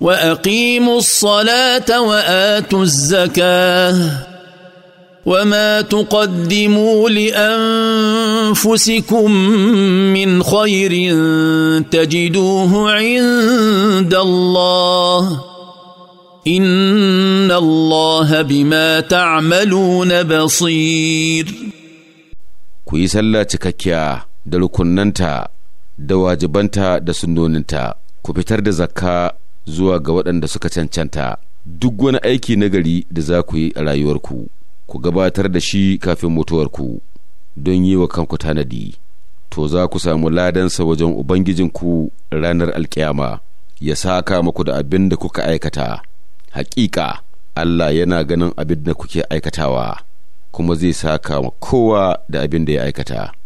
واقيموا الصلاه واتوا الزكاه وما تقدموا لانفسكم من خير تجدوه عند الله ان الله بما تعملون بصير كويس الله تككيا دلو كننتا دواجبنتا da كوبيتر دزكا zuwa ga waɗanda suka cancanta duk wani aiki na gari da za ku yi a rayuwarku ku gabatar da shi kafin mutuwarku don yi wa kanku tanadi to za ku samu ladansa wajen ubangijinku ranar alkiyama ya saka maku da abin da kuka aikata hakika Allah yana ganin abin da kuke aikatawa kuma zai saka kowa da abin da ya aikata.